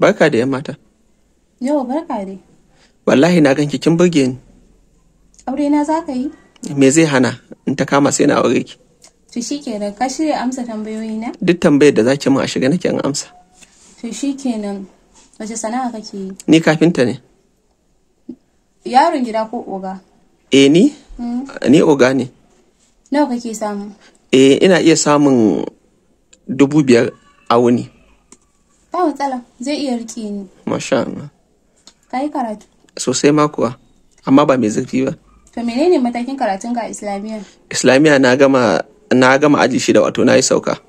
Barka da mata. Yau barka dai. Wallahi na ganki kin burge ni. Aure na za ka yi? Me zai hana in ta kama sai na aure ki. To shi kenan ka shirya amsa tambayoyi na? Duk tambayar da za ki min a shiga nake in amsa. To shi kenan wace sana'a kake yi? Ni kafinta ne. Yaron gida ko oga? E ni? Hmm. Ni oga ne. Nawa kake samu? eh ina iya samun dubu biyar a wuni. Oh, tsala, zai iya riƙe ni. Masha Allah. yi karatu. Sosai ma kuwa, amma ba mai zurfi ba. To menene matakin karatun ga Islamiyya? Islamiyya na gama na gama aji shida wato na yi sauka.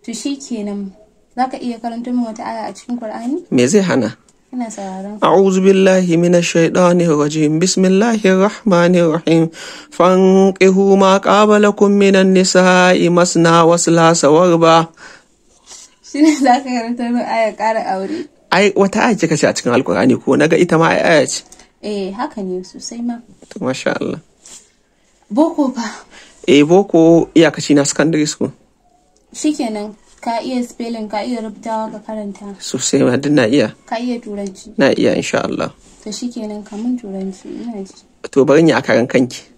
To shi kenan za ka iya karanta min wata aya a cikin Kur'ani? Me zai hana? أعوذ بالله من الشيطان الرجيم بسم الله الرحمن الرحيم فانقهوا ما قابلكم من النساء مسنا masna وربا shi ne za ka karanta min aya ƙara aure ai wata aya ce kace a cikin Alƙur'ani ko naga ita ma aya ce eh haka ne sosai ma to masha Allah boko fa eh boko iyakaci na secondary school shikenan ka iya spelling ka iya rubutawa ka karanta sosai ma duk na iya ka iya turanci na iya insha Allah to shikenan kamun turanci ina ji to bari ni a karan kanki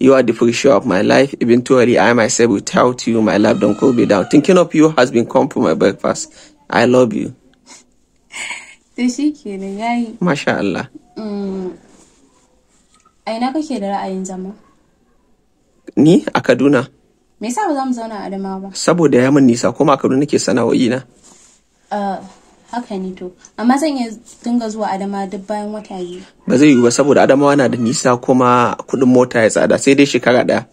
You are the pressure of my life. Eventually, I myself will tell to you, my love. don't go me down. Thinking of you has been come for my breakfast. I love you. Masha Allah. Mm. A ina kake da ra'ayin zama? Ni a Kaduna. Me yasa ba za mu zauna a Adamawa ba? Saboda ya min nisa kuma a Kaduna nake sana'o'i na. Uh, haka ne to amma zan iya dinga zuwa adama duk bayan wata biyu ba zai yiwu ba saboda adamawa na da nisa kuma kuɗin mota ya tsada sai dai shekara ɗaya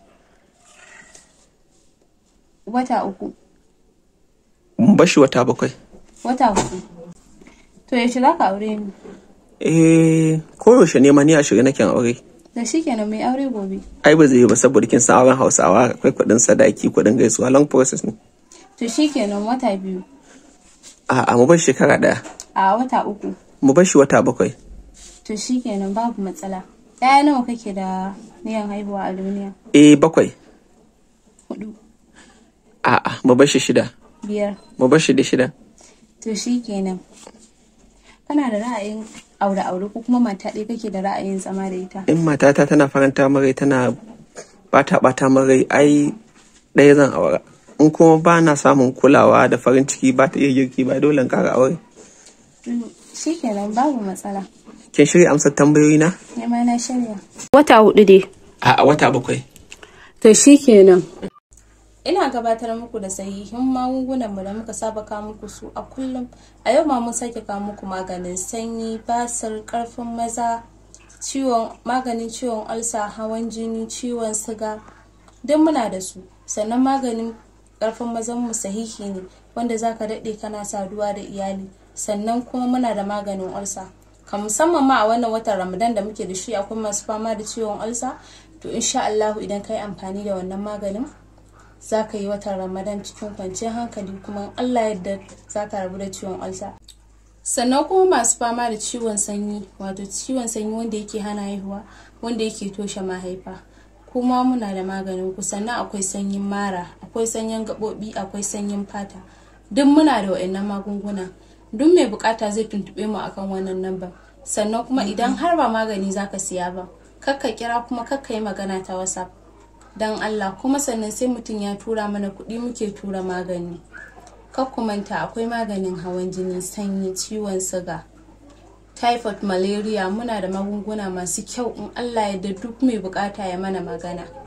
wata uku mun shi wata bakwai wata uku to yaushe za ka aure ni eh koyaushe ne ma ni a na nake aure da shi kenan mai aure gobe ai ba zai yi ba saboda kin san auren hausawa akwai kuɗin sadaki kuɗin gaisuwa long process ne to shi kenan wata biyu A'a mu bar shekara ɗaya. A wata uku. Mu bar shi wata bakwai. To shi kenan babu matsala. Ɗaya nawa kake da niyan haihuwa a duniya? Eh bakwai. Hudu. A'a mu bar shi shida. Biyar. Mu bar shi da shida. To shi kenan. Kana da ra'ayin aure aure ko kuma mata ɗaya kake da ra'ayin zama da ita? In matata tana faranta marai tana bata bata marai ai ɗaya zan aura. in kuma ba na samun kulawa da farin ciki ba ta iya girki ba dole in kara aure mm, shi kenan babu matsala kin shirya amsar tambayoyi na ma na shirya wata hudu dai a wata bakwai to shi kenan ina gabatar muku da sahihin magungunan mu da muka saba kawo muku su a kullum a yau ma mun sake kawo muku maganin sanyi basir karfin maza ciwon maganin ciwon alsa hawan jini ciwon siga duk muna da su sannan maganin karfin mazan mu sahihi ne wanda zaka daɗe kana saduwa da iyali sannan kuma muna da maganin ulsa ka musamman ma a wannan watan ramadan da muke da shi akwai masu fama da ciwon ulsa to insha allahu idan ka yi amfani da wannan maganin za yi watan ramadan cikin kwanciyar hankali kuma allah yadda za ka rabu da ciwon ulsa sannan kuma masu fama da ciwon sanyi wato ciwon sanyi wanda yake hana haihuwa wanda yake toshe mahaifa kuma muna da maganin kusa sannan akwai sanyin mara akwai sanyin gaɓoɓi akwai sanyin fata duk muna da wa'annan magunguna duk mai bukata zai tuntube mu akan wannan namba sannan kuma mm-hmm. idan har ba magani zaka siya ba kakka kira kuma kakka yi magana ta whatsapp dan allah kuma sannan sai mutum ya tura mana kuɗi muke tura magani kakku manta akwai maganin hawan jini sanyi ciwon siga typhoid malaria muna da magunguna masu kyau in allah ya da duk mai bukata ya mana magana